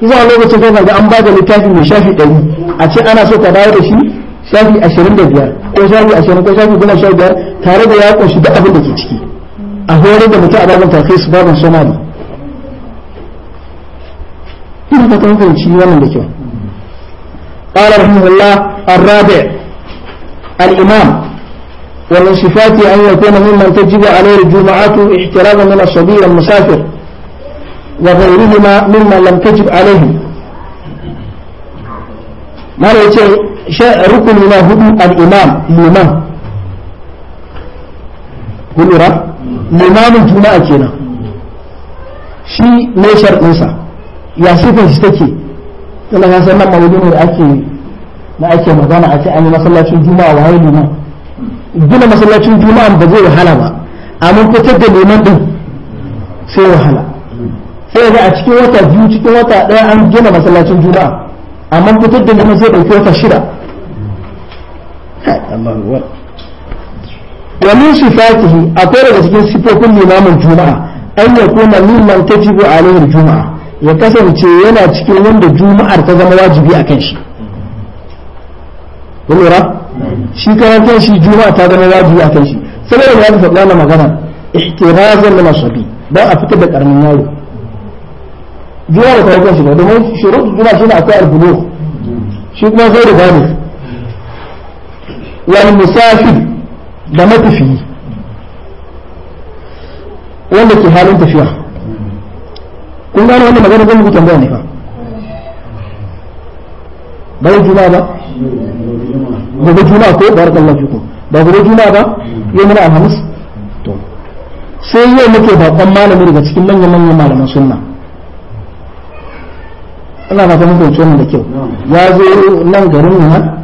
zuwa a lokacin kai ga an ba littafi mai shafi ɗari a ce ana so ka dawo da shi shafi ashirin da biyar ko shafi ashirin ko shafi goma sha biyar tare da ya ƙunshi duk abin da ke ciki a horar da بابا a بابا talhis babin somali ina fata mun قال رحمه الله الرابع الإمام ومن صفاته أن يكون ممن تجب عليه الجمعة احتراما من الصبي المسافر وغيرهما ممن لم تجب عليهم ما شاء ركن الله الإمام لمن قل رب limamin juma'a kenan shi ne sharɗinsa ya sifin shi take tana ya san nan mawudu ne da ake na ake magana a ce an yi masallacin juma'a waye liman gina masallacin juma'a ba zai wahala ba amma fitar da liman din sai wahala sai ga a cikin wata biyu cikin wata ɗaya an gina masallacin juma'a amma fitar da liman sai ɗauki wata shida Allah wa min sifatihi akwai daga cikin sifofin limamin juma'a an ya kuma liman a alaihi juma'a ya kasance yana cikin wanda juma'ar ta zama wajibi a kan shi kun lura shi karan kan shi juma'a ta zama wajibi a kan shi saboda ya faɗa wannan magana ihtirazan min asabi ba a fitar da karamin yaro juma'a da kan shi ne domin shuruɗu juma'a shine akwai albulu shi kuma zai da gani wal musafir da matafiyi wanda ke halin tafiya kun gane wanda magana zan mutan bayani fa bayan juna ba gobe juna ko barakallahu ko ba gobe juna ba yau muna alhamis to sai yau muke babban malami daga cikin manyan manyan malaman sunna ana na ta mutunci wannan da kyau ya zo nan garin nan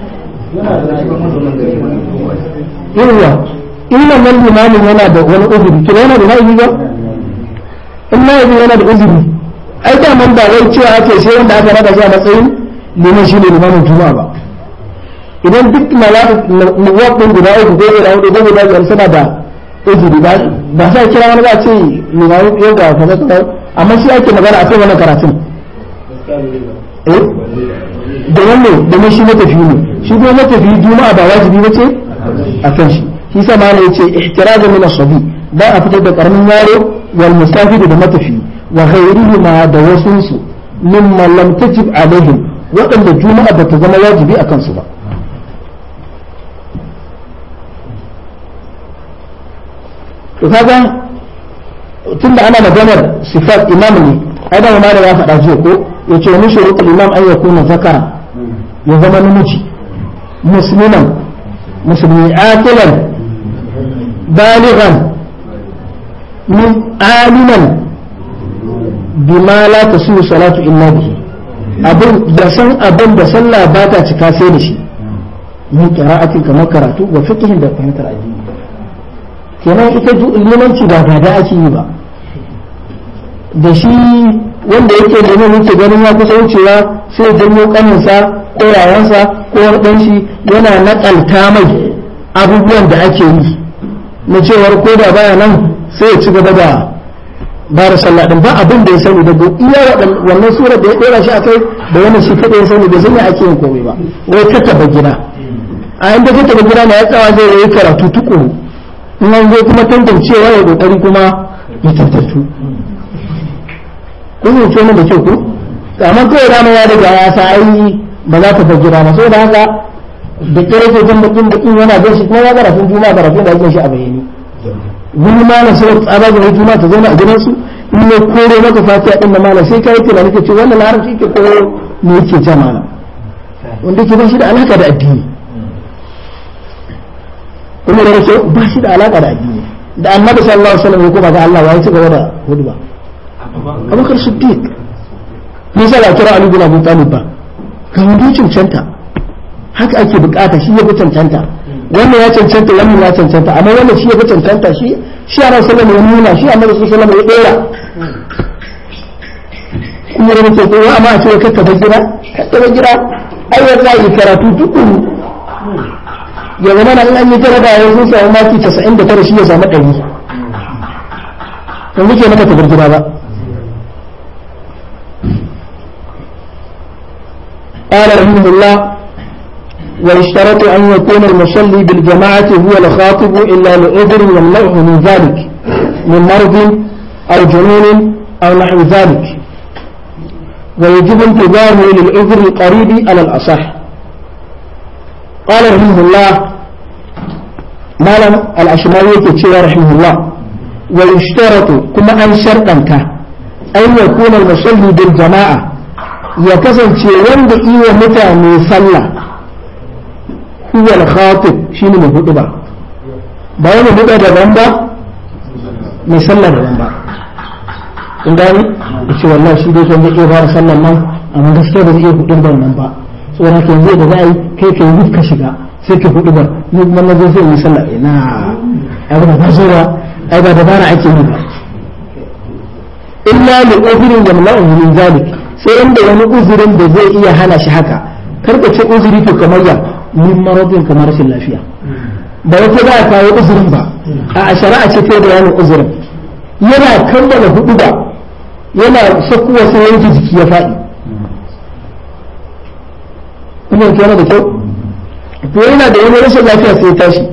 yawa ina nan limamin yana da wani uzuri to yana da laifi ba in laifin yana da uzuri ai da man ba wai cewa ake sai wanda aka raba shi a matsayin liman shi ne limamin juma'a ba idan duk mawaƙin guda uku ko guda hudu ko guda biyar suna da uzuri ba ba sai kira wani ba ce limamin yau ga kaza kaza amma shi ake magana a kai wannan karatun eh da wannan da shi matafi ne shi kuma matafi juma'a ba wajibi ba ce a kan shi shi sama ne ce ihtiraz min asabi ba a fitar da karamin yaro wal musafir da matafi wa ghayrihima da wasun su mimma lam tajib alaihim waɗanda juma'a ba ta zama wajibi a kansu ba to kaga tun da ana maganar sifat imam ne ai da ya faɗa jiya ko ya ce wani shuruɗul imam an yakuna zakara ya zama namiji مسلما مسلم عاقلا بالغا من عالما بما لا تصير صلاة إلا به abin ya san abin da sallah ba ta cika sai da shi min qira'atin kamar karatu wa fiqhin da fahimtar addini kenan ita limanci ba gada ake yi ba da shi wanda yake da neman yake ganin ya kusa wucewa sai ya janyo kaninsa ko yayansa ko warɗanshi yana nakalta mai abubuwan da ake yi na cewar ko da baya nan sai ya ci gaba da bara sallah din ba abin da ya sani da iya wannan sura da ya dora shi akai da wani shi kada ya sani zan yi ake yin komai ba wai ka taba gida a inda ka taba gida na ya tsawa zai yi karatu tukuru in an zo kuma tantancewa ya kokari kuma ya tantantu kun yi ce da kyau ku amma kawai rana ya daga ya sa ba za ta fajjira ba da haka da kere ke jan bakin bakin yana bin shi kuma ya ga rafin juma ga rafin da ake shi a bayani wani malam sai tsaba da juma ta zauna a su in ne kore maka fatiha din da malam sai kai tunani ka ce wannan larabci ke ko me yake ta malam wanda ke shi da alaka da addini kuma da rake ba shi da alaka da addini da annabi sallallahu alaihi wasallam ko ba ga Allah wai ci gaba da hudba abokar siddiq ne sai ba kira alibu na abu talib ba ga wanda cancanta haka ake bukata shi ya fi cancanta wannan ya cancanta wannan ya cancanta amma wannan shi ya fi cancanta shi shi rasu sallama ya nuna shi amma su sallama ya dora kuma da mutum tsoro amma a cewa ka taba gira ka taba gira ai ya za yi karatu dukkan ya zama na an yi da ya zo samu maki 99 shi ya samu ɗari yanzu ke maka tabar gida ba قال رحمه الله ويشترط أن يكون المصلي بالجماعة هو الخاطب إلا لعذر يمنعه من ذلك من مرض أو جنون أو نحو ذلك ويجب انتظاره للعذر القريب على الأصح قال رحمه الله مالا الأشمالية تشير رحمه الله ويشترط كما أن شرطا أن يكون المصلي بالجماعة ya kasance wanda iya mutane sallah huwa al-khatib shine mai hudu ba ba wani hudu daban ba mai sallah daban ba in gani da ce wallahi shi dai kan zai fara sallan nan amma gaskiya ba zai iya hudu ban nan ba saboda kan zai da za a yi kai kai yi ka shiga sai ka hudu ban ni kuma na zai yi sallah ina abu da fasira ai ba dabara ake yi ba illa li ukhrin jamla'u min zalika sai inda wani uzurin da zai iya hana shi haka kar ka ce uzuri to kamar ya min maradin kamar rashin lafiya ba wata za a kawo uzurin ba a shari'a ce ta bayanin uzurin yana kammala hudu ba yana sakkuwa sai yanke jiki ya faɗi kuma ke da kyau to yana da wani rashin lafiya sai ya tashi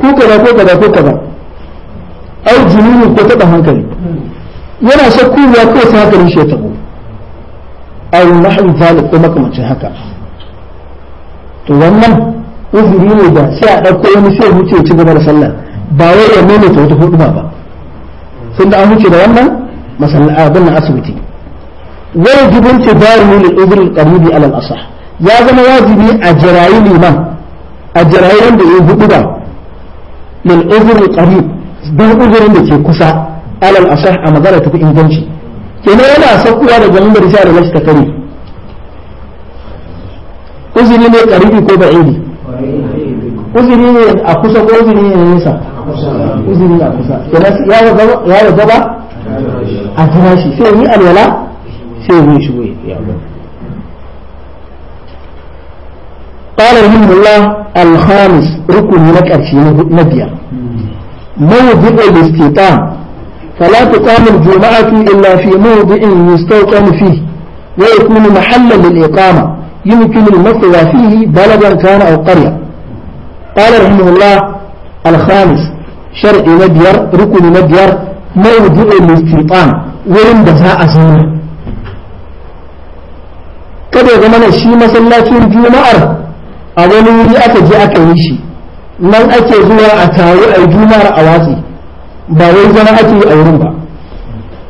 ko kaza ko kaza ko kaza ai jinuni ko taɓa hankali yana sakkuwa kawai sai hankalin shi ya taɓo aw nahwi zalik ko makamancin haka to wannan uzuri ne da sai a ɗauko wani sai wuce ci gaba da sallar ba wai ya maimaita wata hudu ba sun da an wuce da wannan masallabin na asibiti wajibin tibaru lil uzri qaribi alal asah ya zama wajibi a jirayi liman a jirayi wanda ya hudu ba lil uzri qarib dan uzurin da ke kusa alal asah a magana ta inganci kuma yana saukowa daga mimbar sai da ta tafari uzuri ne karibi ko ba iri uzuri ne a kusa ko uzuri ne nesa uzuri ne a kusa kuma ya waje ba a jira shi sai yi alwala sai yi shi ya قال رحمه الله الخامس ركن لك أرشي نبيا موضع الاستيطان فلا تقام الجمعة إلا في موضع يستوطن فيه ويكون محلا للإقامة يمكن المثوى فيه بلدا كان أو قرية قال رحمه الله الخامس شرع مدير ركن مدير موضع الاستيطان وين بزاء زمان kada ya zama مثلا masallacin juma'ar a أتجي wuri aka أتجي aka yi shi nan ake zuwa a taru a juma'ar a ba wai zama ake yi a wurin ba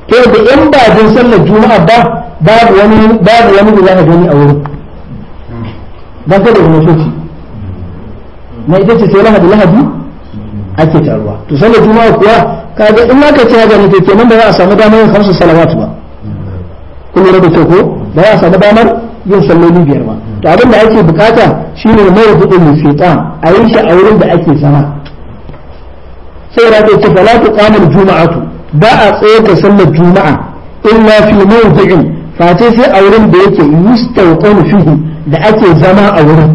to da yan ba sallar juma'a ba babu wani babu wani da za ka gani a wurin dan kada mu toki na ita ce sai lahadi lahadi ake taruwa to sallar juma'a kuwa kaga in ma ka ci haka ne ke nan ba za a samu damar yin kamsu salawatu ba kun lura da ko ba za a samu damar yin salloli biyar ba to abin da ake bukata shine mai da mai fitan a yin shi a wurin da ake zama saboda ka ce fala ta kamar juma'atu ba a tsaye da sallar juma'a illa fi mawdi'in face sai a wurin da yake yustawqanu fihi da ake zama a wurin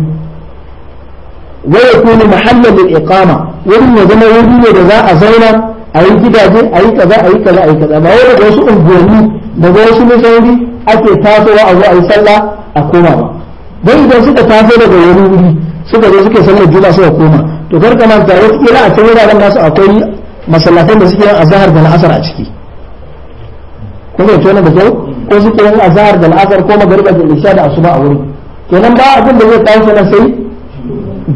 wa yakunu mahallan lil iqama wurin ya zama wuri ne da za a zauna a yi gidaje a yi kaza a yi kaza a yi kaza ba wai daga wasu unguwanni da wasu musauri ake tasowa a zo a yi sallah a koma ba don idan suka taso daga wani wuri suka zo suke sallar juma'a suka koma to kar ka manta wata kila a can wuraren nasu akwai masallatai da suke yin azhar da la'asar a ciki ko ne tona da kyau ko suke yin azahar da la'asar ko magariba da isha da asuba a wuri kenan ba abin da zai kawo kenan sai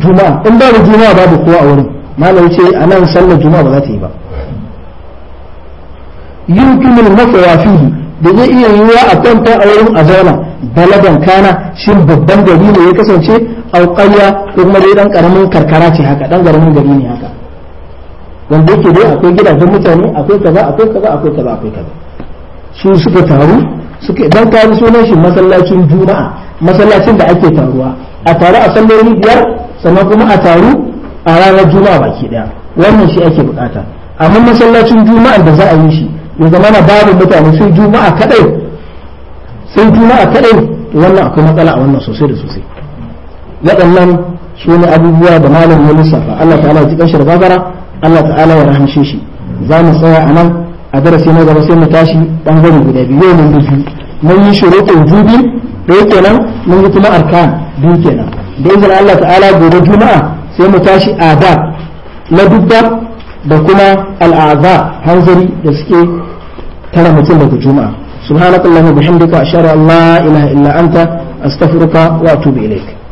juma'a in babu juma'a babu kowa a wurin malam ce a nan sallar juma'a ba za ta yi ba yumkinu mafawa fihi da zai iya yiwuwa a ta a wurin a zauna baladan kana shi babban gari ne ya kasance auƙarya ko kuma dai dan karamin karkara ce haka dan karamin gari ne haka wanda yake dai akwai gidajen mutane akwai kaza akwai kaza akwai kaza akwai kaza su suka taru suka dan sunan shi masallacin juma'a masallacin da ake taruwa a taru a sallolin biyar sannan kuma a taru a ranar juma'a baki daya wannan shi ake bukata amma masallacin juma'a da za a yi shi ya zama na babu mutane sai juma'a kadai sai juma'a kadai wannan akwai matsala a wannan sosai da sosai waɗannan su ne abubuwa da malam ya lissafa Allah ta'ala ya jikan shi da Allah ta'ala ya rahamshe shi za mu tsaya a nan a darasi na gaba sai mu tashi bangare guda biyu yau mun biyu mun yi shuruɗin jubi ɗaya kenan mun yi kuma arkan biyu kenan da zan Allah ta'ala gobe juma'a sai mu tashi da na dubba da kuma al'aza hanzari da suke tara mutum daga juma'a subhanakallahumma bihamdika ashhadu an la ilaha illa anta astaghfiruka wa atubu ilaik